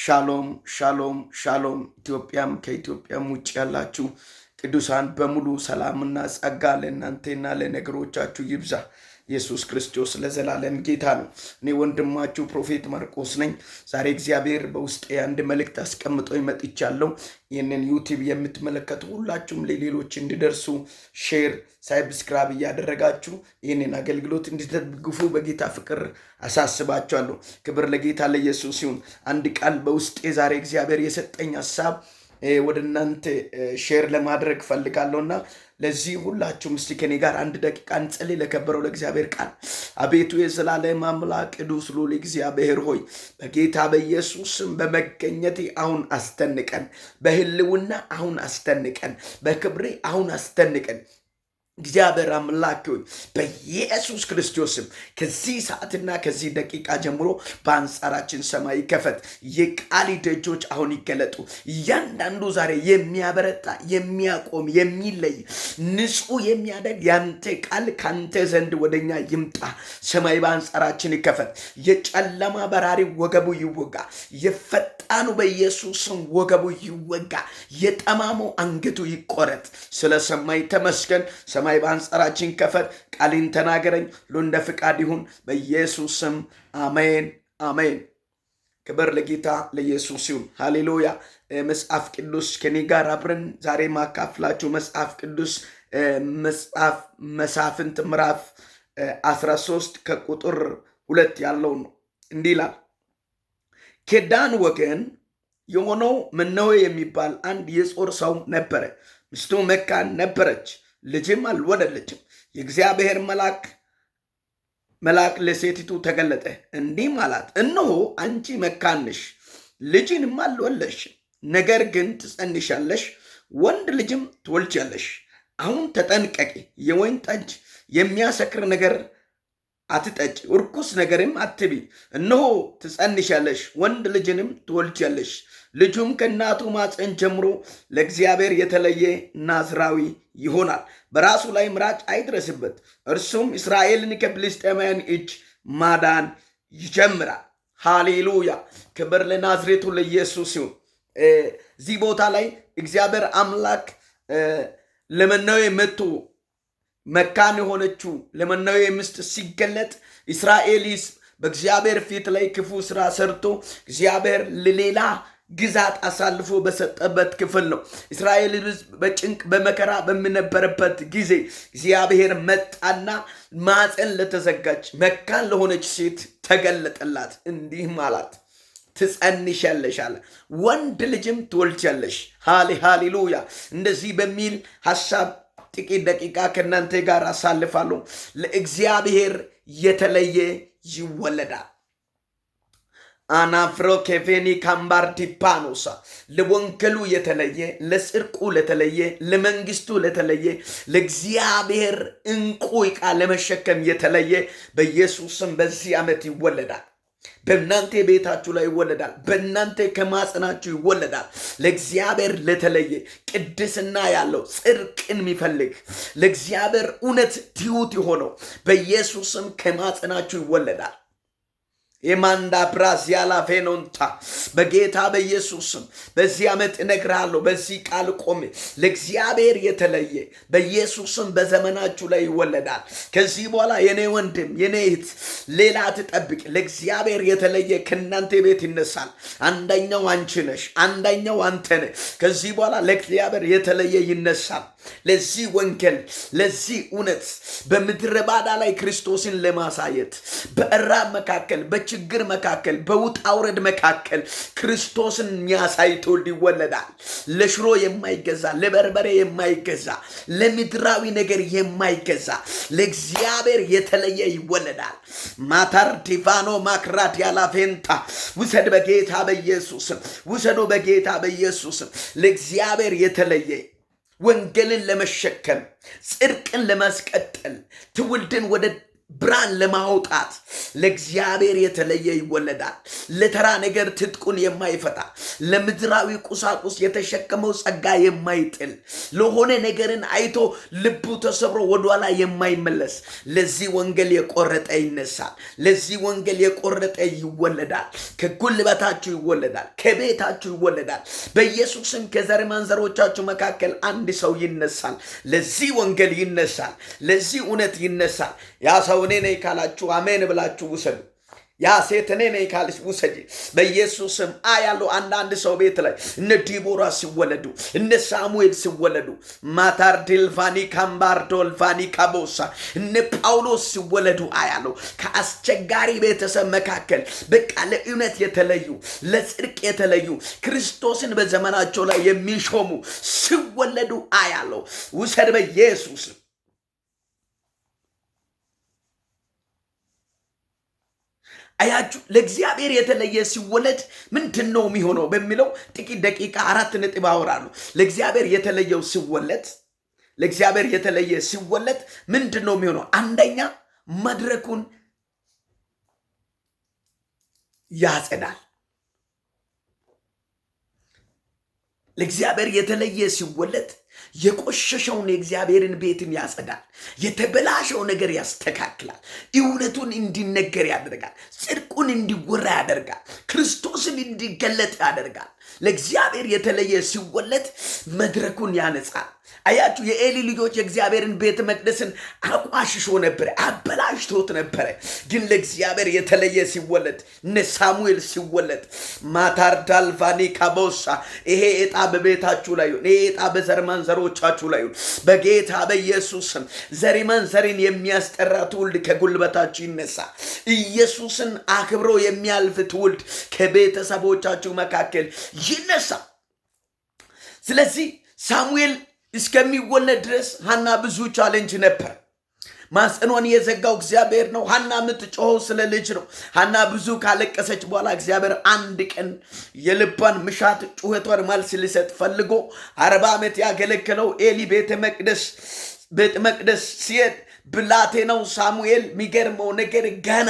ሻሎም ሻሎም ሻሎም። ኢትዮጵያም ከኢትዮጵያም ውጭ ያላችሁ ቅዱሳን በሙሉ ሰላምና ጸጋ ለእናንተና ለነገሮቻችሁ ይብዛ። ኢየሱስ ክርስቶስ ለዘላለም ጌታ ነው። እኔ ወንድማችሁ ፕሮፌት ማርቆስ ነኝ። ዛሬ እግዚአብሔር በውስጤ አንድ መልእክት አስቀምጦ ይመጥቻለሁ። ይህንን ዩቲብ የምትመለከቱ ሁላችሁም ለሌሎች እንዲደርሱ ሼር፣ ሳብስክራይብ እያደረጋችሁ ይህንን አገልግሎት እንዲደግፉ በጌታ ፍቅር አሳስባችኋለሁ። ክብር ለጌታ ለኢየሱስ ይሁን። አንድ ቃል በውስጤ ዛሬ እግዚአብሔር የሰጠኝ ሀሳብ ወደ እናንተ ሼር ለማድረግ ፈልጋለሁ እና ለዚህ ሁላችሁም እስቲ ከኔ ጋር አንድ ደቂቃ እንጸልይ። ለከበረው ለእግዚአብሔር ቃል አቤቱ የዘላለም አምላክ ቅዱስ ልዑል እግዚአብሔር ሆይ በጌታ በኢየሱስም በመገኘቴ አሁን አስተንቀን፣ በህልውና አሁን አስተንቀን፣ በክብሬ አሁን አስተንቀን እግዚአብሔር አምላክ ሆይ በኢየሱስ ክርስቶስም ከዚህ ሰዓትና ከዚህ ደቂቃ ጀምሮ በአንጻራችን ሰማይ ይከፈት፣ የቃል ደጆች አሁን ይገለጡ። እያንዳንዱ ዛሬ የሚያበረታ የሚያቆም የሚለይ ንጹህ የሚያደግ ያንተ ቃል ከአንተ ዘንድ ወደኛ ይምጣ። ሰማይ በአንጻራችን ይከፈት። የጨለማ በራሪ ወገቡ ይወጋ። የፈጣኑ በኢየሱስም ወገቡ ይወጋ። የጠማሙ አንገቱ ይቆረጥ። ስለ ሰማይ ተመስገን። ሰማይ ሰማይ በአንጻራችን ከፈት። ቃሊን ተናገረኝ፣ ሁሉ እንደ ፍቃድ ይሁን። በኢየሱስ ስም አሜን፣ አሜን። ክብር ለጌታ ለኢየሱስ ይሁን። ሃሌሉያ። መጽሐፍ ቅዱስ ከኔ ጋር አብረን ዛሬ ማካፍላችሁ መጽሐፍ ቅዱስ መጽሐፍ መሳፍንት ምዕራፍ 13 ከቁጥር ሁለት ያለው ነው። እንዲህ ይላል ከዳን ወገን የሆነው መነወ የሚባል አንድ የጾር ሰው ነበረ። ሚስቱ መካን ነበረች፣ ልጅም አልወለደችም። የእግዚአብሔር መልአክ መልአክ ለሴቲቱ ተገለጠ፣ እንዲህም አላት፣ እነሆ አንቺ መካንሽ ልጅንም አልወለሽ፣ ነገር ግን ትጸንሻለሽ፣ ወንድ ልጅም ትወልጃለሽ። አሁን ተጠንቀቂ፣ የወይን ጠጅ የሚያሰክር ነገር አትጠጭ፣ እርኩስ ነገርም አትቢ፣ እነሆ ትጸንሻለሽ፣ ወንድ ልጅንም ትወልጃለሽ፣ ልጁም ከእናቱ ማፀን ጀምሮ ለእግዚአብሔር የተለየ ናዝራዊ ይሆናል፣ በራሱ ላይ ምራጭ አይድረስበት፣ እርሱም እስራኤልን ከፍልስጤማውያን እጅ ማዳን ይጀምራል። ሃሌሉያ! ክብር ለናዝሬቱ ለኢየሱስ ይሁን። እዚህ ቦታ ላይ እግዚአብሔር አምላክ ለመነዌ መጥቶ መካን የሆነችው ለመናዊ ምስጥ ሲገለጥ እስራኤል ሕዝብ በእግዚአብሔር ፊት ላይ ክፉ ስራ ሰርቶ እግዚአብሔር ለሌላ ግዛት አሳልፎ በሰጠበት ክፍል ነው። እስራኤል ሕዝብ በጭንቅ በመከራ በምነበረበት ጊዜ እግዚአብሔር መጣና ማፀን ለተዘጋች መካን ለሆነች ሴት ተገለጠላት። እንዲህም አላት ትጸንሻለሽ አለ። ወንድ ልጅም ትወልጃለሽ። ሃሌ ሃሌሉያ። እንደዚህ በሚል ሀሳብ ጥቂት ደቂቃ ከእናንተ ጋር አሳልፋለሁ። ለእግዚአብሔር የተለየ ይወለዳል። አናፍሮ ኬፌኒ ካምባርቲ ፓኖሳ ለወንጌሉ የተለየ ለጽድቁ ለተለየ ለመንግስቱ ለተለየ ለእግዚአብሔር እንቁ ዕቃ ለመሸከም የተለየ በኢየሱስም በዚህ ዓመት ይወለዳል። በእናንተ ቤታችሁ ላይ ይወለዳል። በእናንተ ከማጽናችሁ ይወለዳል። ለእግዚአብሔር ለተለየ ቅድስና ያለው ጽድቅን የሚፈልግ ለእግዚአብሔር እውነት ትሑት የሆነው በኢየሱስም ከማጽናችሁ ይወለዳል። የማንዳ ፕራዝ ያላፌኖንታ በጌታ በኢየሱስም በዚህ ዓመት እነግርሃለሁ። በዚህ ቃል ቆሜ ለእግዚአብሔር የተለየ በኢየሱስም በዘመናችሁ ላይ ይወለዳል። ከዚህ በኋላ የኔ ወንድም የኔ እህት ሌላ ትጠብቅ። ለእግዚአብሔር የተለየ ከእናንተ ቤት ይነሳል። አንደኛው አንቺ ነሽ፣ አንደኛው አንተ ነህ። ከዚህ በኋላ ለእግዚአብሔር የተለየ ይነሳል። ለዚህ ወንጌል ለዚህ እውነት በምድረ ባዳ ላይ ክርስቶስን ለማሳየት በእራብ መካከል፣ በችግር መካከል፣ በውጣ ውረድ መካከል ክርስቶስን የሚያሳይ ትውልድ ይወለዳል። ለሽሮ የማይገዛ ለበርበሬ የማይገዛ ለምድራዊ ነገር የማይገዛ ለእግዚአብሔር የተለየ ይወለዳል። ማታር ዲቫኖ ማክራት ያላፌንታ ውሰድ በጌታ በኢየሱስም ውሰዱ በጌታ በኢየሱስም ለእግዚአብሔር የተለየ ወንጌልን ለመሸከም ጽድቅን ለማስቀጠል ትውልድን ወደ ብርሃን ለማውጣት ለእግዚአብሔር የተለየ ይወለዳል። ለተራ ነገር ትጥቁን የማይፈታ ለምድራዊ ቁሳቁስ የተሸከመው ጸጋ የማይጥል ለሆነ ነገርን አይቶ ልቡ ተሰብሮ ወደኋላ የማይመለስ ለዚህ ወንጌል የቆረጠ ይነሳል። ለዚህ ወንጌል የቆረጠ ይወለዳል። ከጉልበታችሁ ይወለዳል። ከቤታችሁ ይወለዳል። በኢየሱስም ከዘር ማንዘሮቻችሁ መካከል አንድ ሰው ይነሳል። ለዚህ ወንጌል ይነሳል። ለዚህ እውነት ይነሳል። ያ ሰው እኔ ነኝ ካላችሁ አሜን ብላችሁ ውሰዱ። ያ ሴት እኔ ነኝ ካልሽ ውሰጂ፣ በኢየሱስም አ ያለው አንዳንድ ሰው ቤት ላይ እነ ዲቦራ ሲወለዱ እነ ሳሙኤል ሲወለዱ ማታርዲልቫኒ ካምባርዶልቫኒ ካቦሳ እነ ጳውሎስ ሲወለዱ አ ያለው ከአስቸጋሪ ቤተሰብ መካከል በቃ ለእውነት የተለዩ ለጽድቅ የተለዩ ክርስቶስን በዘመናቸው ላይ የሚሾሙ ሲወለዱ አ ያለው ውሰድ በኢየሱስ አያችሁ ለእግዚአብሔር የተለየ ሲወለድ ምንድን ነው የሚሆነው በሚለው ጥቂት ደቂቃ አራት ነጥብ አወራሉ። ለእግዚአብሔር የተለየው ሲወለድ ለእግዚአብሔር የተለየ ሲወለድ ምንድን ነው የሚሆነው? አንደኛ መድረኩን ያጸዳል። ለእግዚአብሔር የተለየ ሲወለድ የቆሸሸውን የእግዚአብሔርን ቤትን ያጸዳል። የተበላሸው ነገር ያስተካክላል። እውነቱን እንዲነገር ያደርጋል። ጽድቁን እንዲወራ ያደርጋል። ክርስቶስን እንዲገለጥ ያደርጋል። ለእግዚአብሔር የተለየ ሲወለድ መድረኩን ያነጻል። አያችሁ፣ የኤሊ ልጆች የእግዚአብሔርን ቤተ መቅደስን አቋሽሾ ነበረ፣ አበላሽቶት ነበረ። ግን ለእግዚአብሔር የተለየ ሲወለድ እነ ሳሙኤል ሲወለድ ማታርዳል ቫኔ ካቦሳ ይሄ ዕጣ በቤታችሁ ላይ ይሁን፣ ይሄ ዕጣ በዘርማን ዘሮቻችሁ ላይ ይሁን በጌታ በኢየሱስም ዘሪማን ዘሪን የሚያስጠራ ትውልድ ከጉልበታችሁ ይነሳ። ኢየሱስን አክብሮ የሚያልፍ ትውልድ ከቤተሰቦቻችሁ መካከል ይነሳ። ስለዚህ ሳሙኤል እስከሚወለድ ድረስ ሀና ብዙ ቻሌንጅ ነበር። ማጸኗን የዘጋው እግዚአብሔር ነው። ሀና የምትጮኸው ስለ ልጅ ነው። ሀና ብዙ ካለቀሰች በኋላ እግዚአብሔር አንድ ቀን የልቧን ምሻት ጩኸቷን መልስ ሊሰጥ ፈልጎ አርባ ዓመት ያገለገለው ኤሊ ቤተ መቅደስ ቤተ መቅደስ ሲሄድ ብላቴናው ሳሙኤል የሚገርመው ነገር ገና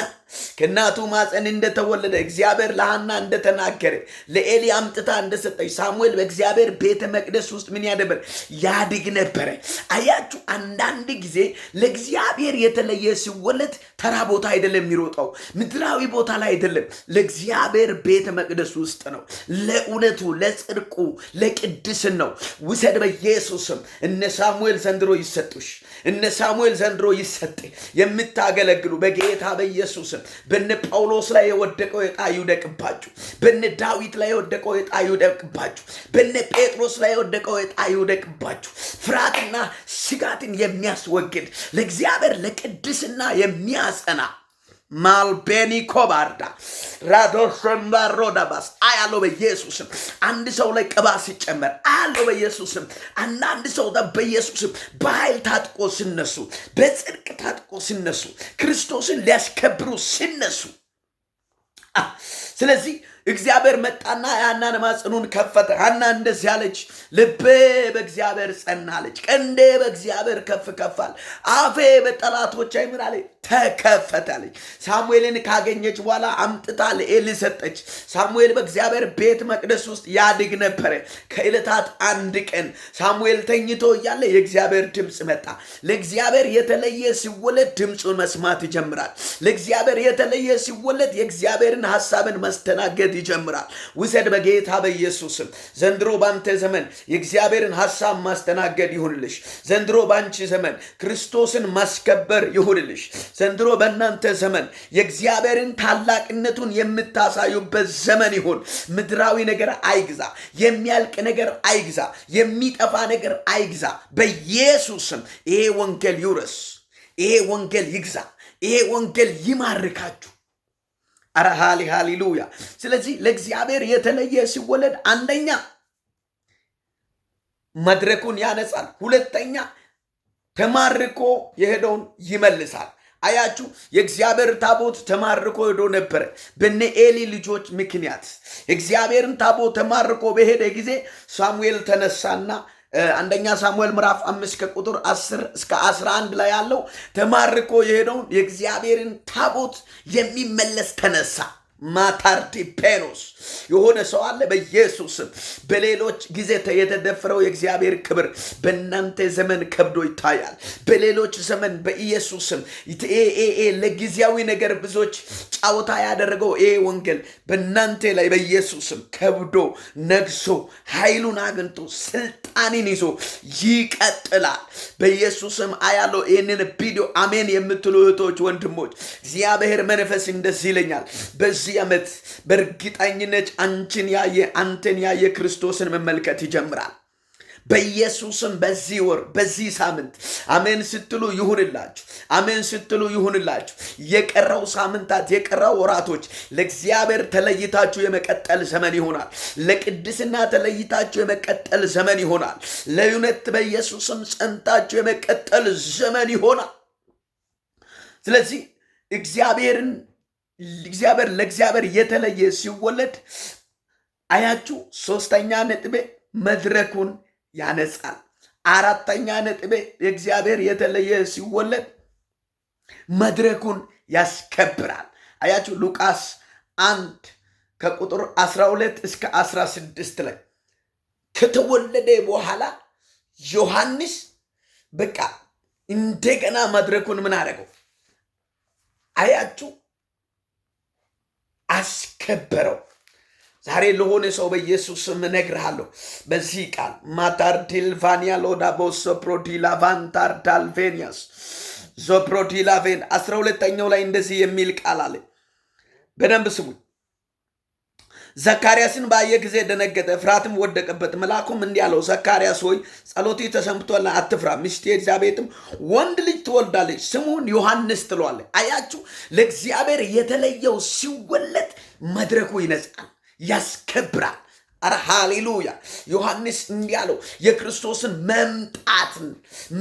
ከእናቱ ማፀን እንደተወለደ እግዚአብሔር ለሃና እንደተናገረ ለኤሊ አምጥታ እንደሰጠች ሳሙኤል በእግዚአብሔር ቤተ መቅደስ ውስጥ ምን ያደበር ያድግ ነበረ። አያችሁ፣ አንዳንድ ጊዜ ለእግዚአብሔር የተለየ ሲወለድ ተራ ቦታ አይደለም የሚሮጠው፣ ምድራዊ ቦታ ላይ አይደለም፣ ለእግዚአብሔር ቤተ መቅደስ ውስጥ ነው። ለእውነቱ፣ ለጽድቁ፣ ለቅድስን ነው። ውሰድ በኢየሱስም እነ ሳሙኤል ዘንድሮ ይሰጡሽ። እነ ሳሙኤል ዘንድሮ ይሰጥ የምታገለግሉ በጌታ በኢየሱስም በነ ጳውሎስ ላይ የወደቀው የጣ ይውደቅባችሁ። በነ ዳዊት ላይ የወደቀው የጣ ይውደቅባችሁ። በነ ጴጥሮስ ላይ የወደቀው የጣ ይውደቅባችሁ። ፍርሃትና ስጋትን የሚያስወግድ ለእግዚአብሔር ለቅድስና የሚያጸና ማልቤኒ ኮባርዳ ራዶሸንባሮዳባስ አያሎ በኢየሱስም አንድ ሰው ላይ ቅባ ሲጨመር አያሎ በኢየሱስም አንዳንድ ሰው በኢየሱስም በኃይል ታጥቆ ሲነሱ፣ በጽድቅ ታጥቆ ሲነሱ፣ ክርስቶስን ሊያስከብሩ ሲነሱ ስለዚህ እግዚአብሔር መጣና የሐናን ማጽኑን ከፈተ። ሐና እንደዚህ አለች፣ ልቤ በእግዚአብሔር ጸና አለች፣ ቀንዴ በእግዚአብሔር ከፍ ከፋል፣ አፌ በጠላቶች አይምር አለ ተከፈተ አለች። ሳሙኤልን ካገኘች በኋላ አምጥታ ለኤሊ ሰጠች። ሳሙኤል በእግዚአብሔር ቤት መቅደስ ውስጥ ያድግ ነበረ። ከዕለታት አንድ ቀን ሳሙኤል ተኝቶ እያለ የእግዚአብሔር ድምፅ መጣ። ለእግዚአብሔር የተለየ ሲወለድ ድምፁን መስማት ይጀምራል። ለእግዚአብሔር የተለየ ሲወለድ የእግዚአብሔርን ሀሳብን መስተናገድ ማለት ይጀምራል። ውሰድ በጌታ በኢየሱስም። ዘንድሮ ባንተ ዘመን የእግዚአብሔርን ሀሳብ ማስተናገድ ይሁንልሽ። ዘንድሮ ባንቺ ዘመን ክርስቶስን ማስከበር ይሁንልሽ። ዘንድሮ በእናንተ ዘመን የእግዚአብሔርን ታላቅነቱን የምታሳዩበት ዘመን ይሁን። ምድራዊ ነገር አይግዛ፣ የሚያልቅ ነገር አይግዛ፣ የሚጠፋ ነገር አይግዛ። በኢየሱስም ይሄ ወንጌል ይውረስ፣ ይሄ ወንጌል ይግዛ፣ ይሄ ወንጌል ይማርካችሁ። አረ ሃሊ ስለዚህ ለእግዚአብሔር የተለየ ሲወለድ አንደኛ መድረኩን ያነጻል፣ ሁለተኛ ተማርኮ የሄደውን ይመልሳል። አያችሁ የእግዚአብሔር ታቦት ተማርኮ ሄዶ ነበረ። በነ ኤሊ ልጆች ምክንያት የእግዚአብሔርን ታቦት ተማርኮ በሄደ ጊዜ ሳሙኤል ተነሳና አንደኛ ሳሙኤል ምዕራፍ አምስት ከቁጥር አስር እስከ አስራ አንድ ላይ ያለው ተማርኮ የሄደውን የእግዚአብሔርን ታቦት የሚመለስ ተነሳ ማታርዲፔኖስ የሆነ ሰው አለ። በኢየሱስ በሌሎች ጊዜ የተደፈረው የእግዚአብሔር ክብር በእናንተ ዘመን ከብዶ ይታያል። በሌሎች ዘመን በኢየሱስም ለጊዜያዊ ነገር ብዙዎች ጫወታ ያደረገው ይሄ ወንጌል በእናንተ ላይ በኢየሱስም ከብዶ ነግሶ ኃይሉን አግኝቶ ስልጣንን ይዞ ይቀጥላል። በኢየሱስም አያለው ይህንን ቪዲዮ አሜን የምትሉ እህቶች፣ ወንድሞች እግዚአብሔር መንፈስ እንደዚህ ይለኛል በዚህ በዚህ ዓመት በእርግጠኝነት አንቺን ያየ አንተን ያየ ክርስቶስን መመልከት ይጀምራል። በኢየሱስም በዚህ ወር በዚህ ሳምንት አሜን ስትሉ ይሁንላችሁ፣ አሜን ስትሉ ይሁንላችሁ። የቀረው ሳምንታት የቀረው ወራቶች ለእግዚአብሔር ተለይታችሁ የመቀጠል ዘመን ይሆናል። ለቅድስና ተለይታችሁ የመቀጠል ዘመን ይሆናል። ለእውነት በኢየሱስም ጸንታችሁ የመቀጠል ዘመን ይሆናል። ስለዚህ እግዚአብሔርን እግዚአብሔር ለእግዚአብሔር የተለየ ሲወለድ አያችሁ። ሶስተኛ ነጥቤ መድረኩን ያነጻል። አራተኛ ነጥቤ እግዚአብሔር የተለየ ሲወለድ መድረኩን ያስከብራል። አያችሁ ሉቃስ አንድ ከቁጥር 12 እስከ 16 ላይ ከተወለደ በኋላ ዮሐንስ በቃ እንደገና መድረኩን ምን አደረገው? አያችሁ አስከበረው። ዛሬ ለሆነ ሰው በኢየሱስ ስም እነግርሃለሁ። በዚህ ቃል ማታርዲልቫኒያ ሎዳቦሶ ፕሮዲላቫንታር ዳልቬኒያስ ዞፕሮቲላቬን አስራ ሁለተኛው ላይ እንደዚህ የሚል ቃል አለ። በደንብ ስሙኝ። ዘካርያስን ባየ ጊዜ ደነገጠ፣ ፍርሃትም ወደቀበት። መልአኩም እንዲህ አለው፣ ዘካርያስ ሆይ ጸሎት ተሰምቶልሃል፣ አትፍራ። ሚስት ኤልዛቤትም ወንድ ልጅ ትወልዳለች፣ ስሙን ዮሐንስ ትለዋለህ። አያችሁ፣ ለእግዚአብሔር የተለየው ሲወለድ መድረኩ ይነጻል፣ ያስከብራል። አረ ሃሌሉያ! ዮሐንስ እንዲህ አለው፣ የክርስቶስን መምጣትን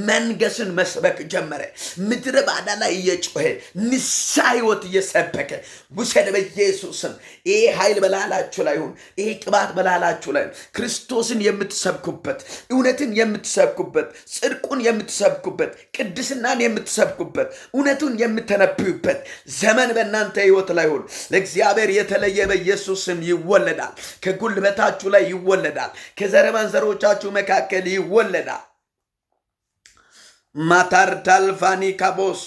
መንገስን መስበክ ጀመረ። ምድረ ባዳ ላይ እየጮኸ ንሳ ህይወት እየሰበከ ውሰድ በኢየሱስም። ይሄ ኃይል በላላችሁ ላይ ይሁን፣ ይሄ ቅባት በላላችሁ ላይ ክርስቶስን የምትሰብኩበት፣ እውነትን የምትሰብኩበት፣ ጽድቁን የምትሰብኩበት፣ ቅድስናን የምትሰብኩበት፣ እውነቱን የምተነብዩበት ዘመን በእናንተ ህይወት ላይ ይሁን። ለእግዚአብሔር የተለየ በኢየሱስም ይወለዳል ከጉልበታ በዘራችሁ ላይ ይወለዳል። ከዘረ ማንዘሮቻችሁ መካከል ይወለዳል። ማታርታልፋኒ ካቦስ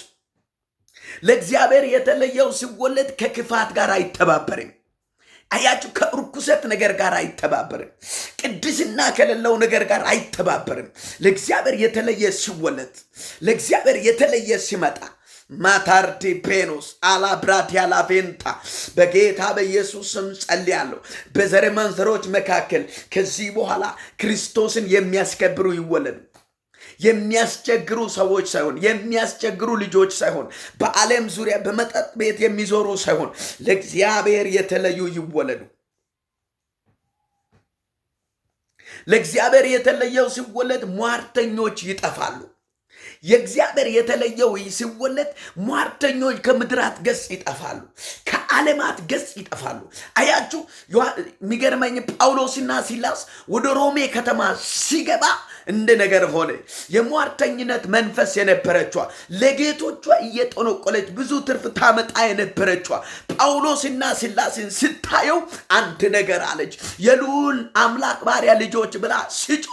ለእግዚአብሔር የተለየው ሲወለድ ከክፋት ጋር አይተባበርም። አያችሁ፣ ከእርኩሰት ነገር ጋር አይተባበርም። ቅድስና ከሌለው ነገር ጋር አይተባበርም። ለእግዚአብሔር የተለየ ሲወለድ፣ ለእግዚአብሔር የተለየ ሲመጣ ማታርዲፔኖስ አላብራዲያላቬንታ በጌታ በኢየሱስም ጸልያለሁ። በዘር ማንዘሮች መካከል ከዚህ በኋላ ክርስቶስን የሚያስከብሩ ይወለዱ። የሚያስቸግሩ ሰዎች ሳይሆን የሚያስቸግሩ ልጆች ሳይሆን በዓለም ዙሪያ በመጠጥ ቤት የሚዞሩ ሳይሆን ለእግዚአብሔር የተለዩ ይወለዱ። ለእግዚአብሔር የተለየው ሲወለድ ሟርተኞች ይጠፋሉ። የእግዚአብሔር የተለየው ሲወለድ ሟርተኞች ከምድራት ገጽ ይጠፋሉ፣ ከዓለማት ገጽ ይጠፋሉ። አያችሁ፣ የሚገርመኝ ጳውሎስና ሲላስ ወደ ሮሜ ከተማ ሲገባ እንደ ነገር ሆነ። የሟርተኝነት መንፈስ የነበረችዋ ለጌቶቿ እየጠነቆለች ብዙ ትርፍ ታመጣ የነበረችዋ ጳውሎስና ሲላስን ስታየው አንድ ነገር አለች። የልዑል አምላክ ባሪያ ልጆች ብላ ስጮ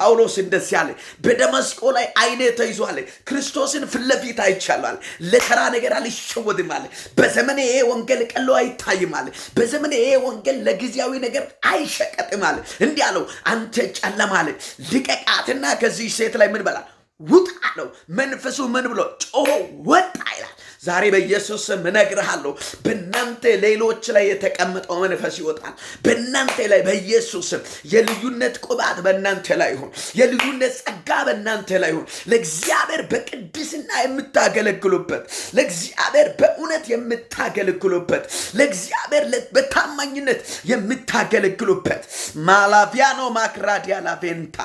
ጳውሎስ እንደዚህ አለ። በደመስቆ ላይ አይኔ ተይዟል። ክርስቶስን ፊት ለፊት አይቻለዋል። ለተራ ነገር አልሸወድም አለ። በዘመኔ ይሄ ወንጌል ቀሎ አይታይም አለ። በዘመኔ ይሄ ወንጌል ለጊዜያዊ ነገር አይሸቀጥም አለ። እንዲህ አለው፣ አንተ ጨለማ አለ ልቀቃትና ከዚህ ሴት ላይ ምን በላል ውጣ ነው። መንፈሱ ምን ብሎ ጮሆ ወጣ ይላል። ዛሬ በኢየሱስ ስም እነግርሃለሁ፣ በእናንተ ሌሎች ላይ የተቀመጠው መንፈስ ይወጣል። በእናንተ ላይ በኢየሱስ የልዩነት ቁባት በእናንተ ላይ ይሁን። የልዩነት ጸጋ በእናንተ ላይ ይሁን። ለእግዚአብሔር በቅድስና የምታገለግሉበት፣ ለእግዚአብሔር በእውነት የምታገለግሉበት፣ ለእግዚአብሔር በታማኝነት የምታገለግሉበት ማላቪያኖ ማክራዲያ ላቬንታ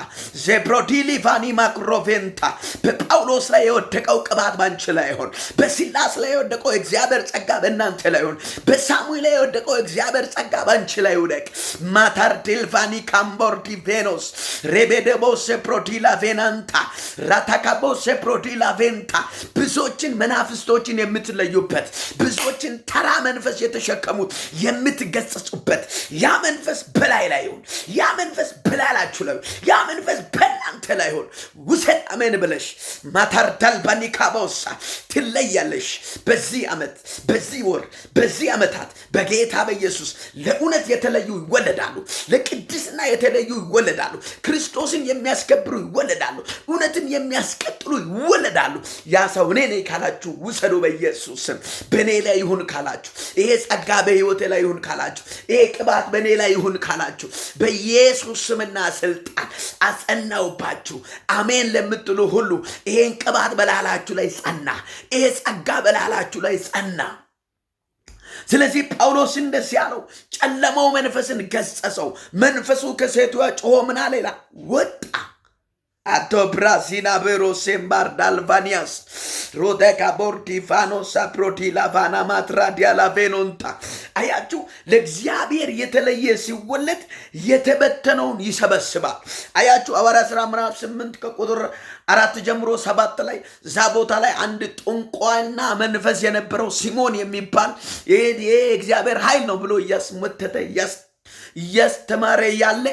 ዜብሮዲሊቫኒ ማክሮቬንታ በጳውሎስ ላይ የወደቀው ቅባት ባንች ላይ ይሁን በሲላ በዮናስ ላይ የወደቀው እግዚአብሔር ጸጋ በእናንተ ላይ ይሁን። በሳሙኤል ላይ የወደቀው እግዚአብሔር ጸጋ በአንቺ ላይ ይውደቅ። ማታር ዴልቫኒ ካምቦርዲ ቬኖስ ሬቤደቦ ሴፕሮዲላ ቬናንታ ራታካቦ ሴፕሮዲላ ቬንታ ብዙዎችን መናፍስቶችን የምትለዩበት ብዙዎችን ተራ መንፈስ የተሸከሙት የምትገጸጹበት ያ መንፈስ በላይ ላይ ይሁን። ያ መንፈስ በላላችሁ ላይ ያ መንፈስ በእናንተ ላይ ይሁን። ውሰድ አሜን ብለሽ ማታር ዳልባኒ ካቦሳ ትለያለሽ። በዚህ ዓመት በዚህ ወር በዚህ ዓመታት በጌታ በኢየሱስ ለእውነት የተለዩ ይወለዳሉ። ለቅድስና የተለዩ ይወለዳሉ። ክርስቶስን የሚያስከብሩ ይወለዳሉ። እውነትን የሚያስቀጥሉ ይወለዳሉ። ያ ሰው እኔ ነኝ ካላችሁ ውሰዱ በኢየሱስ ስም። በእኔ ላይ ይሁን ካላችሁ፣ ይሄ ጸጋ በህይወቴ ላይ ይሁን ካላችሁ፣ ይሄ ቅባት በእኔ ላይ ይሁን ካላችሁ፣ በኢየሱስ ስምና ስልጣን አጸናውባችሁ። አሜን ለምትሉ ሁሉ ይሄን ቅባት በላላችሁ ላይ ጸና። ይሄ ጸጋ በላላችሁ ላይ ጸና። ስለዚህ ጳውሎስ እንደስ ያለው ጨለማው መንፈስን ገሰጸው። መንፈሱ ከሴቷ ጮሆ ምና ሌላ ወጣ Ato Brazina vero sembar dalvanias. Rodeka bortifano saproti ላቫና ማትራዲያ ላቬኖንታ አያችሁ። ለእግዚአብሔር የተለየ ሲወለድ የተበተነውን ይሰበስባል። አያችሁ ሐዋርያት ሥራ ምዕራፍ ስምንት ከቁጥር አራት ጀምሮ ሰባት ላይ እዛ ቦታ ላይ አንድ ጥንቋና መንፈስ የነበረው ሲሞን የሚባል ይሄ እግዚአብሔር ኃይል ነው ብሎ እያስመተተ እያስተማረ ያለ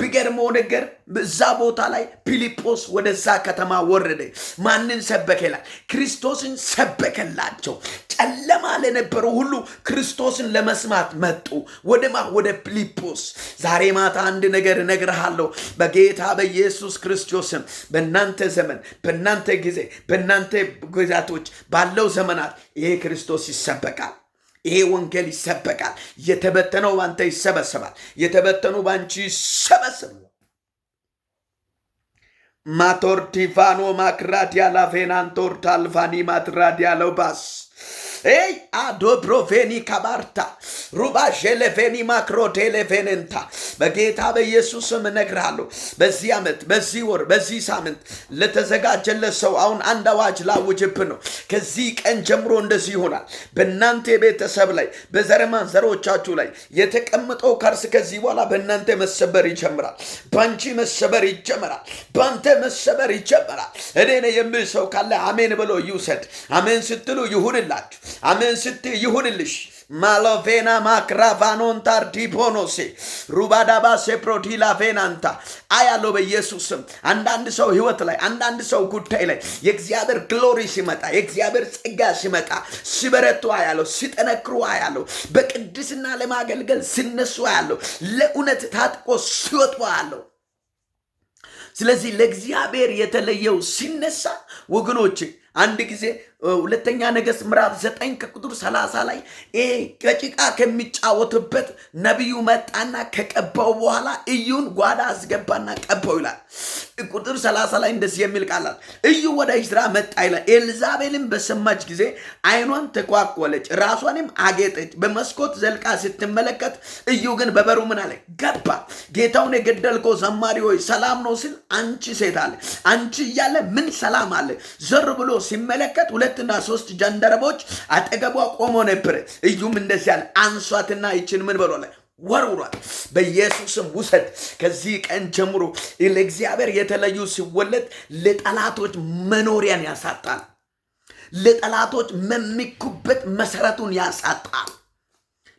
ቢገርመው ነገር እዛ ቦታ ላይ ፊልጶስ ወደዛ ከተማ ወረደ። ማንን ሰበከ ይላል? ክርስቶስን ሰበከላቸው። ጨለማ ለነበሩ ሁሉ ክርስቶስን ለመስማት መጡ። ወደማ ወደ ፊልጶስ። ዛሬ ማታ አንድ ነገር እነግርሃለሁ። በጌታ በኢየሱስ ክርስቶስም በእናንተ ዘመን፣ በእናንተ ጊዜ፣ በእናንተ ግዛቶች ባለው ዘመናት ይሄ ክርስቶስ ይሰበቃል። ይሄ ወንጌል ይሰበቃል የተበተነው ባንተ ይሰበሰባል። የተበተኑ ባንቺ ይሰበሰቡ። ማቶርቲፋኖ ማክራዲያ ላፌናንቶር ታልፋኒ ማትራዲያ ለባስ ኤይ ብሮቬኒ ካባርታ ሩባ ማክሮቴ ማክሮቴሌቬኔንታ በጌታ በኢየሱስ ስም እነግርሃለሁ በዚህ ዓመት፣ በዚህ ወር፣ በዚህ ሳምንት ለተዘጋጀለት ሰው አሁን አንድ አዋጅ ላውጅብ ነው። ከዚህ ቀን ጀምሮ እንደዚህ ይሆናል። በእናንተ የቤተሰብ ላይ በዘረማን ዘሮቻችሁ ላይ የተቀምጠው ከርስ ከዚህ በኋላ በእናንተ መሰበር ይጀምራል። በአንቺ መሰበር ይጀምራል። በአንተ መሰበር ይጀምራል። እኔ ነ የሚል ሰው ካለ አሜን ብሎ ይውሰድ። አሜን ስትሉ ይሁንላችሁ። አሜን ስት ይሁንልሽ። malovena ማክራቫኖንታር ዲፖኖሴ ሩባዳባ ሴፕሮዲላ ቬናንታ አያለው በኢየሱስ አንዳንድ ሰው ህይወት ላይ አንዳንድ ሰው ጉዳይ ላይ የእግዚአብሔር ግሎሪ ሲመጣ የእግዚአብሔር ጸጋ ሲመጣ ሲበረቱ አያለው፣ ሲጠነክሩ አያለው፣ በቅድስና ለማገልገል ሲነሱ አያለው፣ ለእውነት ታጥቆ ሲወጡ አያለው። ስለዚህ ለእግዚአብሔር የተለየው ሲነሳ ወገኖቼ አንድ ጊዜ ሁለተኛ ነገሥት ምዕራፍ ዘጠኝ ከቁጥር ሰላሳ ላይ ይሄ ከጭቃ ከሚጫወትበት ነቢዩ መጣና ከቀባው በኋላ እዩን ጓዳ አስገባና ቀባው ይላል። ቁጥር ሰላሳ ላይ እንደዚህ የሚል ቃላል እዩ ወደ ይዝራ መጣ ይላል። ኤልዛቤልን በሰማች ጊዜ ዓይኗን ተኳኮለች፣ ራሷንም አጌጠች። በመስኮት ዘልቃ ስትመለከት እዩ ግን በበሩ ምን አለ ገባ። ጌታውን የገደልከው ዘማሪ ሆይ ሰላም ነው ሲል አንቺ ሴት አለ አንቺ እያለ ምን ሰላም አለ? ዘር ብሎ ሲመለከት ሁለት ሁለትና ሶስት ጃንደረቦች አጠገቧ ቆሞ ነበር። እዩም እንደዚህ ያለ አንሷትና ይችን ምን በሎ ላይ ወርውሯል። በኢየሱስም ውሰድ። ከዚህ ቀን ጀምሮ ለእግዚአብሔር የተለዩ ሲወለድ ለጠላቶች መኖሪያን ያሳጣል። ለጠላቶች መሚኩበት መሰረቱን ያሳጣል።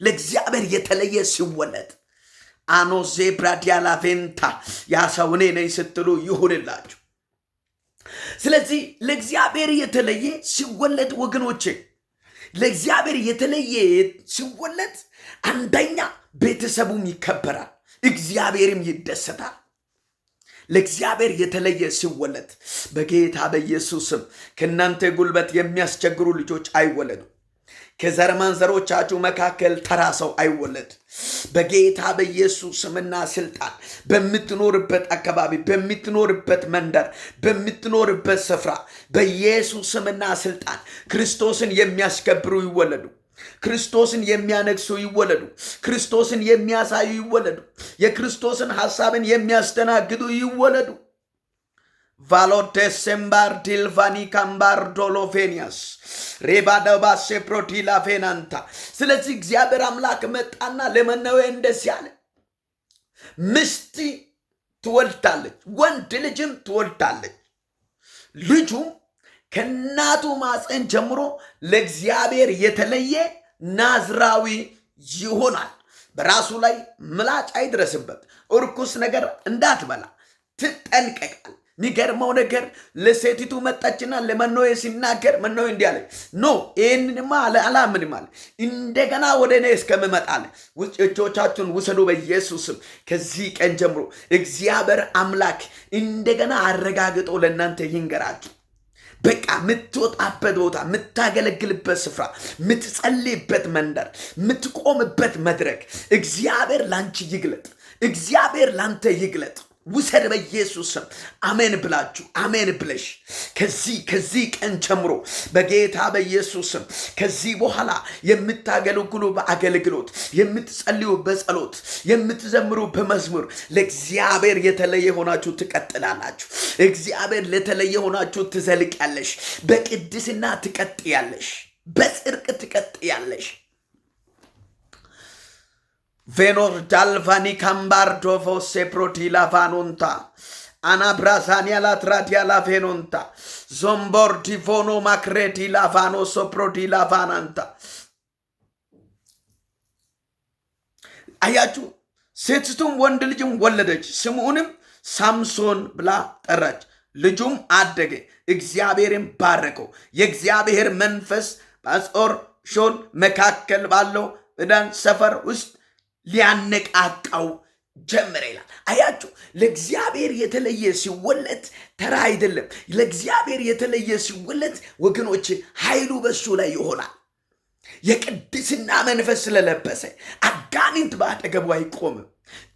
ለእግዚአብሔር የተለየ ሲወለድ አኖ ዜብራዲያላቬንታ ያ ሰው እኔ ነኝ ስትሉ ይሁንላችሁ። ስለዚህ ለእግዚአብሔር የተለየ ሲወለድ ወገኖቼ ለእግዚአብሔር የተለየ ሲወለድ አንደኛ ቤተሰቡም ይከበራል፣ እግዚአብሔርም ይደሰታል። ለእግዚአብሔር የተለየ ሲወለድ በጌታ በኢየሱስም ከእናንተ ጉልበት የሚያስቸግሩ ልጆች አይወለዱም። ከዘር ማንዘሮቻችሁ መካከል ተራ ሰው አይወለድ። በጌታ በኢየሱስ ስምና ስልጣን በምትኖርበት አካባቢ፣ በምትኖርበት መንደር፣ በምትኖርበት ስፍራ በኢየሱስ ስምና ስልጣን ክርስቶስን የሚያስከብሩ ይወለዱ። ክርስቶስን የሚያነግሱ ይወለዱ። ክርስቶስን የሚያሳዩ ይወለዱ። የክርስቶስን ሐሳብን የሚያስተናግዱ ይወለዱ። valotesembar ዲልቫኒካምባር ዶሎቬኒያስ ሬባደባሴ ፕሮቲላ ቬናንታ። ስለዚህ እግዚአብሔር አምላክ መጣና ለመነዌ እንደዚህ አለ፣ ምስት ትወልዳለች፣ ወንድ ልጅም ትወልዳለች። ልጁም ከእናቱ ማፀን ጀምሮ ለእግዚአብሔር የተለየ ናዝራዊ ይሆናል። በራሱ ላይ ምላጭ አይድረስበት፣ እርኩስ ነገር እንዳትበላ ትጠንቀቃል። የሚገርመው ነገር ለሴቲቱ መጣችና ለመኖዌ ሲናገር መኖዌ እንዲህ አለ፣ ኖ ይህንንማ አላምንም አለ። እንደገና ወደ እኔ እስከምመጣ አለ። እጆቻችሁን ውሰዱ በኢየሱስም። ከዚህ ቀን ጀምሮ እግዚአብሔር አምላክ እንደገና አረጋግጦ ለእናንተ ይንገራችሁ። በቃ የምትወጣበት ቦታ፣ የምታገለግልበት ስፍራ፣ የምትጸልይበት መንደር፣ የምትቆምበት መድረክ እግዚአብሔር ላንቺ ይግለጥ። እግዚአብሔር ላንተ ይግለጥ። ውሰድ በኢየሱስ ስም አሜን ብላችሁ አሜን ብለሽ ከዚህ ከዚህ ቀን ጀምሮ በጌታ በኢየሱስ ስም ከዚህ በኋላ የምታገለግሉ በአገልግሎት የምትጸልዩ በጸሎት የምትዘምሩ በመዝሙር ለእግዚአብሔር የተለየ ሆናችሁ ትቀጥላላችሁ። እግዚአብሔር ለተለየ ሆናችሁ ትዘልቅ ያለሽ በቅድስና ትቀጥያለሽ፣ ያለሽ በጽድቅ venortalvani kambardo fosse protila vanonta anabrasania latradia lavenonta zombordi vono macredi lavano soprodi lavananta አያችሁ ሴትቱም ወንድ ልጅም ወለደች፣ ስምዖንም ሳምሶን ብላ ጠራች። ልጁም አደገ፣ እግዚአብሔርን ባረከው። የእግዚአብሔር መንፈስ በጾር ሾን መካከል ባለው ዕዳን ሰፈር ውስጥ ሊያነቃቃው ጀምረ ይላል። አያችሁ፣ ለእግዚአብሔር የተለየ ሲወለድ ተራ አይደለም። ለእግዚአብሔር የተለየ ሲወለድ ወገኖች፣ ኃይሉ በሱ ላይ ይሆናል። የቅድስና መንፈስ ስለለበሰ አጋንንት በአጠገቡ አይቆምም።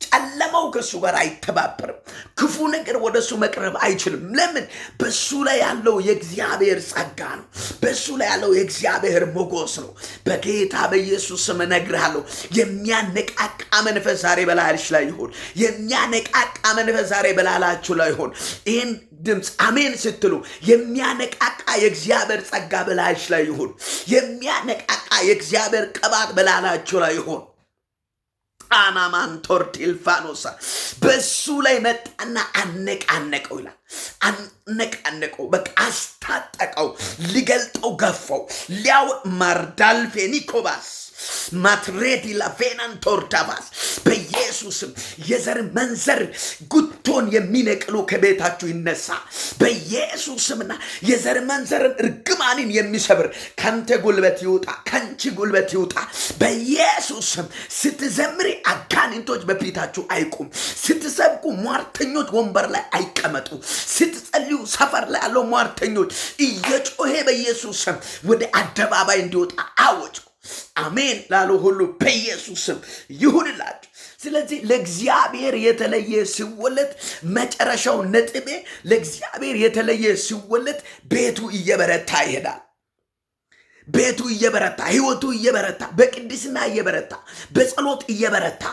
ጨለማው ከእሱ ጋር አይተባበርም። ክፉ ነገር ወደ እሱ መቅረብ አይችልም። ለምን? በእሱ ላይ ያለው የእግዚአብሔር ጸጋ ነው። በእሱ ላይ ያለው የእግዚአብሔር ሞገስ ነው። በጌታ በኢየሱስ ስም እነግርሃለሁ፣ የሚያነቃቃ መንፈስ ዛሬ በላያልሽ ላይ ይሆን። የሚያነቃቃ መንፈስ ዛሬ በላላችሁ ላይ ይሆን። ይህን ድምፅ አሜን ስትሉ የሚያነቃቃ የእግዚአብሔር ጸጋ በላያልሽ ላይ ይሆን። የሚያነቃቃ የእግዚአብሔር ቅባት በላላችሁ ላይ ይሆን። አናማንቶር ቴልፋኖሳ በሱ ላይ መጣና አነቃነቀው ይላል። አነቃነቀው፣ በቃ አስታጠቀው፣ ሊገልጠው ገፋው። ሊያው ማርዳልፌኒኮባስ ማትሬዲ ላፌናን ቶርዳባስ በኢየሱስም የዘር መንዘር ጉቶን የሚነቅሉ ከቤታችሁ ይነሳ በኢየሱስምና የዘር መንዘርን እርግማንን የሚሰብር ከንተ ጉልበት ይውጣ፣ ከንቺ ጉልበት ይውጣ በኢየሱስም። ስትዘምሪ አጋንንቶች በፊታችሁ አይቁም። ስትሰብቁ ሟርተኞች ወንበር ላይ አይቀመጡ። ስትጸልዩ ሰፈር ላይ ያለው ሟርተኞች እየጮሄ በኢየሱስም ወደ አደባባይ እንዲወጣ አወጭ አሜን ላሉ ሁሉ በኢየሱስ ስም ይሁንላችሁ። ስለዚህ ለእግዚአብሔር የተለየ ሲወለድ መጨረሻው ነጥቤ፣ ለእግዚአብሔር የተለየ ሲወለድ ቤቱ እየበረታ ይሄዳል። ቤቱ እየበረታ፣ ህይወቱ እየበረታ፣ በቅድስና እየበረታ፣ በጸሎት እየበረታ፣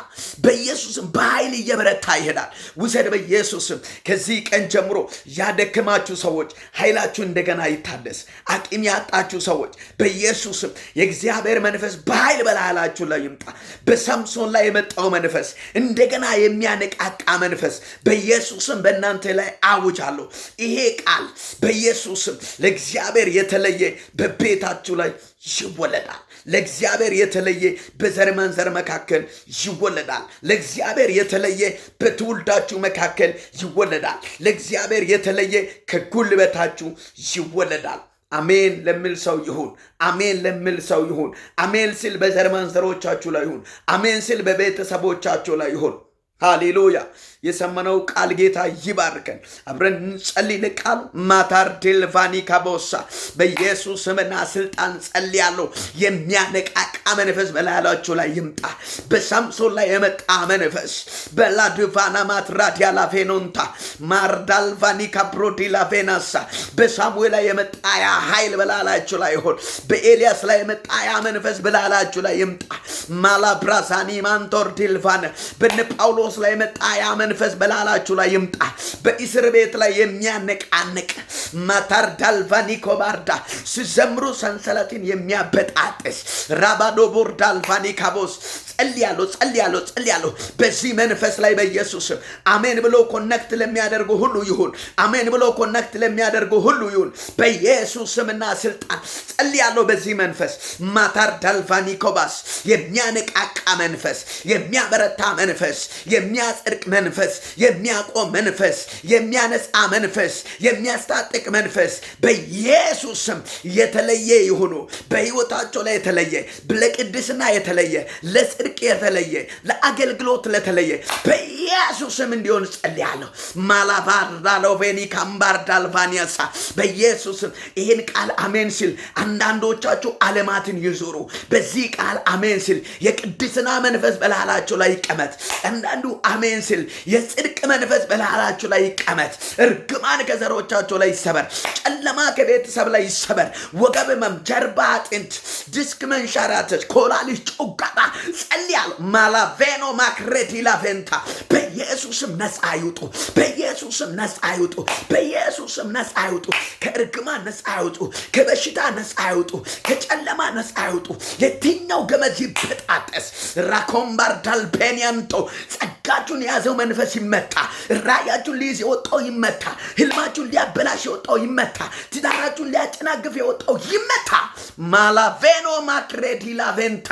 በኢየሱስም በኃይል እየበረታ ይሄዳል። ውሰድ በኢየሱስም። ከዚህ ቀን ጀምሮ ያደከማችሁ ሰዎች ኃይላችሁ እንደገና ይታደስ። አቅም ያጣችሁ ሰዎች በኢየሱስም የእግዚአብሔር መንፈስ በኃይል በላላችሁ ላይ ይምጣ። በሳምሶን ላይ የመጣው መንፈስ እንደገና የሚያነቃቃ መንፈስ በኢየሱስም በእናንተ ላይ አውጃለሁ። ይሄ ቃል በኢየሱስም ለእግዚአብሔር የተለየ በቤታችሁ ላይ ላይ ይወለዳል። ለእግዚአብሔር የተለየ በዘር ማንዘር መካከል ይወለዳል። ለእግዚአብሔር የተለየ በትውልዳችሁ መካከል ይወለዳል። ለእግዚአብሔር የተለየ ከጉልበታችሁ ይወለዳል። አሜን ለሚል ሰው ይሁን። አሜን ለሚል ሰው ይሁን። አሜን ሲል በዘር ማንዘሮቻችሁ ላይ ይሁን። አሜን ስል በቤተሰቦቻችሁ ላይ ይሁን። ሃሌሉያ የሰመነው ቃል ጌታ ይባርከን። አብረን እንጸልይ። ቃል ማታር ዴልቫኒ ካቦሳ በኢየሱስ ስምና ስልጣን ጸልያለሁ። የሚያነቃቃ መንፈስ በላያላችሁ ላይ ይምጣ። በሳምሶን ላይ የመጣ መንፈስ በላድቫና ማትራዲያ ላፌኖንታ ማርዳልቫኒ ካብሮዲ ላፌናሳ በሳሙኤል ላይ የመጣ ያ ኃይል በላላችሁ ላይ ይሆን። በኤልያስ ላይ የመጣ ያ መንፈስ በላላችሁ ላይ ይምጣ። ማላብራሳኒ ማንቶር ዴልቫነ በነ ጳውሎ በጴጥሮስ ላይ መጣ። ያ መንፈስ በላላችሁ ላይ ይምጣ። በእስር ቤት ላይ የሚያነቃንቅ ማታር ዳልቫኒኮ ባርዳ ሲዘምሩ ሰንሰለትን የሚያበጣጥስ ራባዶ ቦር ዳልቫኒካቦስ ጸልያለሁ፣ ጸልያለሁ፣ ጸልያለሁ። በዚህ መንፈስ ላይ በኢየሱስ አሜን ብሎ ኮነክት ለሚያደርጉ ሁሉ ይሁን። አሜን ብሎ ኮነክት ለሚያደርጉ ሁሉ ይሁን። በኢየሱስ ስምና ስልጣን ጸልያለሁ። በዚህ መንፈስ ማታር ዳልቫኒኮባስ የሚያነቃቃ መንፈስ፣ የሚያበረታ መንፈስ የሚያጸድቅ መንፈስ፣ የሚያቆም መንፈስ፣ የሚያነጻ መንፈስ፣ የሚያስታጥቅ መንፈስ በኢየሱስ ስም የተለየ ይሁኑ። በህይወታቸው ላይ የተለየ ለቅድስና የተለየ ለጽድቅ የተለየ ለአገልግሎት ለተለየ በኢየሱስ ስም እንዲሆን ጸልያለሁ። ማላባርዳሎቬኒ ካምባርዳልቫኒያሳ በኢየሱስ ስም ይህን ቃል አሜን ሲል አንዳንዶቻችሁ አለማትን ይዙሩ። በዚህ ቃል አሜን ሲል የቅድስና መንፈስ በላላቸው ላይ ይቀመጥ። አንዳንዱ እያንዳንዱ አሜን ሲል የጽድቅ መንፈስ በላላችሁ ላይ ይቀመጥ። እርግማን ከዘሮቻቸው ላይ ይሰበር። ጨለማ ከቤተሰብ ላይ ይሰበር። ወገብ ህመም፣ ጀርባ አጥንት፣ ዲስክ መንሸራተት፣ ኮላሊት፣ ጮጋዳ ጸልያል ማላቬኖ ማክሬቲ ላቬንታ በኢየሱስም ነፃ ይውጡ። በኢየሱስም ነፃ ይውጡ። በኢየሱስም ነፃ ይውጡ። ከእርግማን ነፃ ይውጡ። ከበሽታ ነፃ ይውጡ። ከጨለማ ነፃ ይውጡ። የትኛው ገመድ ይበጣጠስ ራኮምባርዳል ጸ መልካችሁን የያዘው መንፈስ ይመታ። ራእያችሁን ሊይዝ የወጣው ይመታ። ህልማችሁን ሊያበላሽ የወጣው ይመታ። ትዳራችሁን ሊያጨናግፍ የወጣው ይመታ። ማላቬኖ ማክሬዲ ላቬንታ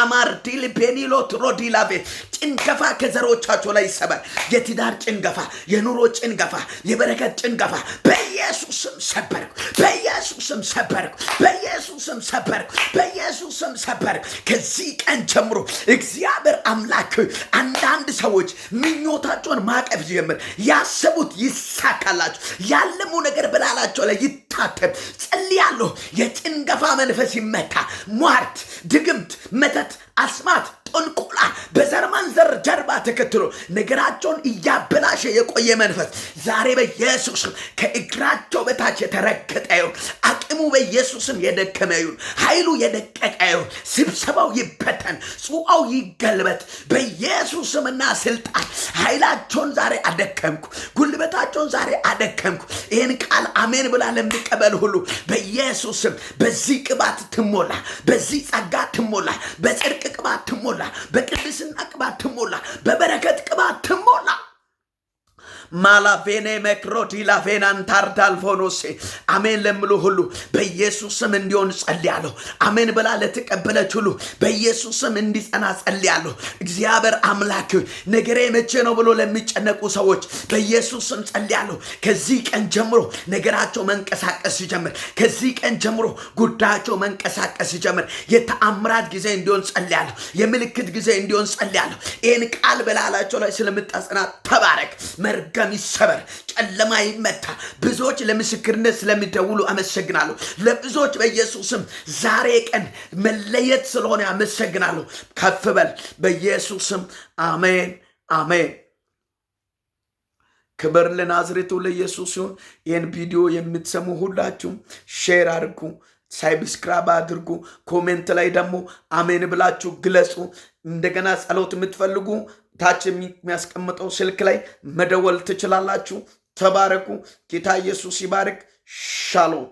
አማርዲል ቤኒሎ ትሮዲላቤ ጭንገፋ ከዘሮቻቸው ላይ ይሰበር። የትዳር ጭንገፋ፣ የኑሮ ጭንገፋ፣ የበረከት ጭንገፋ በኢየሱስም ሰበርኩ፣ በኢየሱስም ሰበርኩ፣ በኢየሱስም ሰበርኩ፣ በኢየሱስም ሰበርኩ። ከዚህ ቀን ጀምሮ እግዚአብሔር አምላክ አንዳንድ ሰዎች ምኞታቸውን ማቀፍ ጀምር። ያሰቡት ይሳካላቸው፣ ያለሙ ነገር ብላላቸው ላይ ይታተም። ጸልያለሁ፣ የጭንገፋ መንፈስ ይመታ ሟርት ድግምት፣ መተት፣ አስማት ጥንቁላ በዘር ማንዘር ጀርባ ተከትሎ ነገራቸውን እያበላሸ የቆየ መንፈስ ዛሬ በኢየሱስ ከእግራቸው በታች የተረገጠ ይሁን። አቅሙ በኢየሱስም የደከመ ይሁን። ኃይሉ የደቀቀ ይሁን። ስብሰባው ይበተን፣ ጽዋው ይገልበት በኢየሱስምና ስልጣን። ኃይላቸውን ዛሬ አደከምኩ፣ ጉልበታቸውን ዛሬ አደከምኩ። ይህን ቃል አሜን ብላ ለሚቀበል ሁሉ በኢየሱስም በዚህ ቅባት ትሞላ፣ በዚህ ጸጋ ትሞላ፣ በጽድቅ ቅባት ትሞላ ትሞላ፣ በቅድስና ቅባት ትሞላ፣ በበረከት ቅባት ትሞላ። ማላፌኔ መክሮት ላፌናን ፎኖሴ አሜን ለምሉ ሁሉ በኢየሱስም እንዲሆን ጸልያለሁ። አሜን ብላ ለተቀበለች ሁሉ በኢየሱስም እንዲጸና ጸልያለሁ። እግዚአብሔር አምላክ ነገሬ መቼ ነው ብሎ ለሚጨነቁ ሰዎች በኢየሱስም ጸልያለሁ። ከዚህ ቀን ጀምሮ ነገራቸው መንቀሳቀስ ሲጀምር፣ ከዚህ ቀን ጀምሮ ጉዳያቸው መንቀሳቀስ ሲጀምር የተአምራት ጊዜ እንዲሆን ጸልያለሁ። የምልክት ጊዜ እንዲሆን ጸልያለሁ። ይህን ቃል በላላቸው ላይ ስለምታጸና ተባረክ መርገ መድከም ይሰበር፣ ጨለማ ይመታ። ብዙዎች ለምስክርነት ስለሚደውሉ አመሰግናለሁ። ለብዙዎች በኢየሱስም ዛሬ ቀን መለየት ስለሆነ አመሰግናለሁ። ከፍ በል በኢየሱስም አሜን፣ አሜን። ክብር ለናዝሬቱ ለኢየሱስ ሲሆን፣ ይህን ቪዲዮ የምትሰሙ ሁላችሁም ሼር አድርጉ፣ ሳብስክራይብ አድርጉ። ኮሜንት ላይ ደግሞ አሜን ብላችሁ ግለጹ። እንደገና ጸሎት የምትፈልጉ ታች የሚያስቀምጠው ስልክ ላይ መደወል ትችላላችሁ። ተባረኩ። ጌታ ኢየሱስ ይባርክ። ሻሎም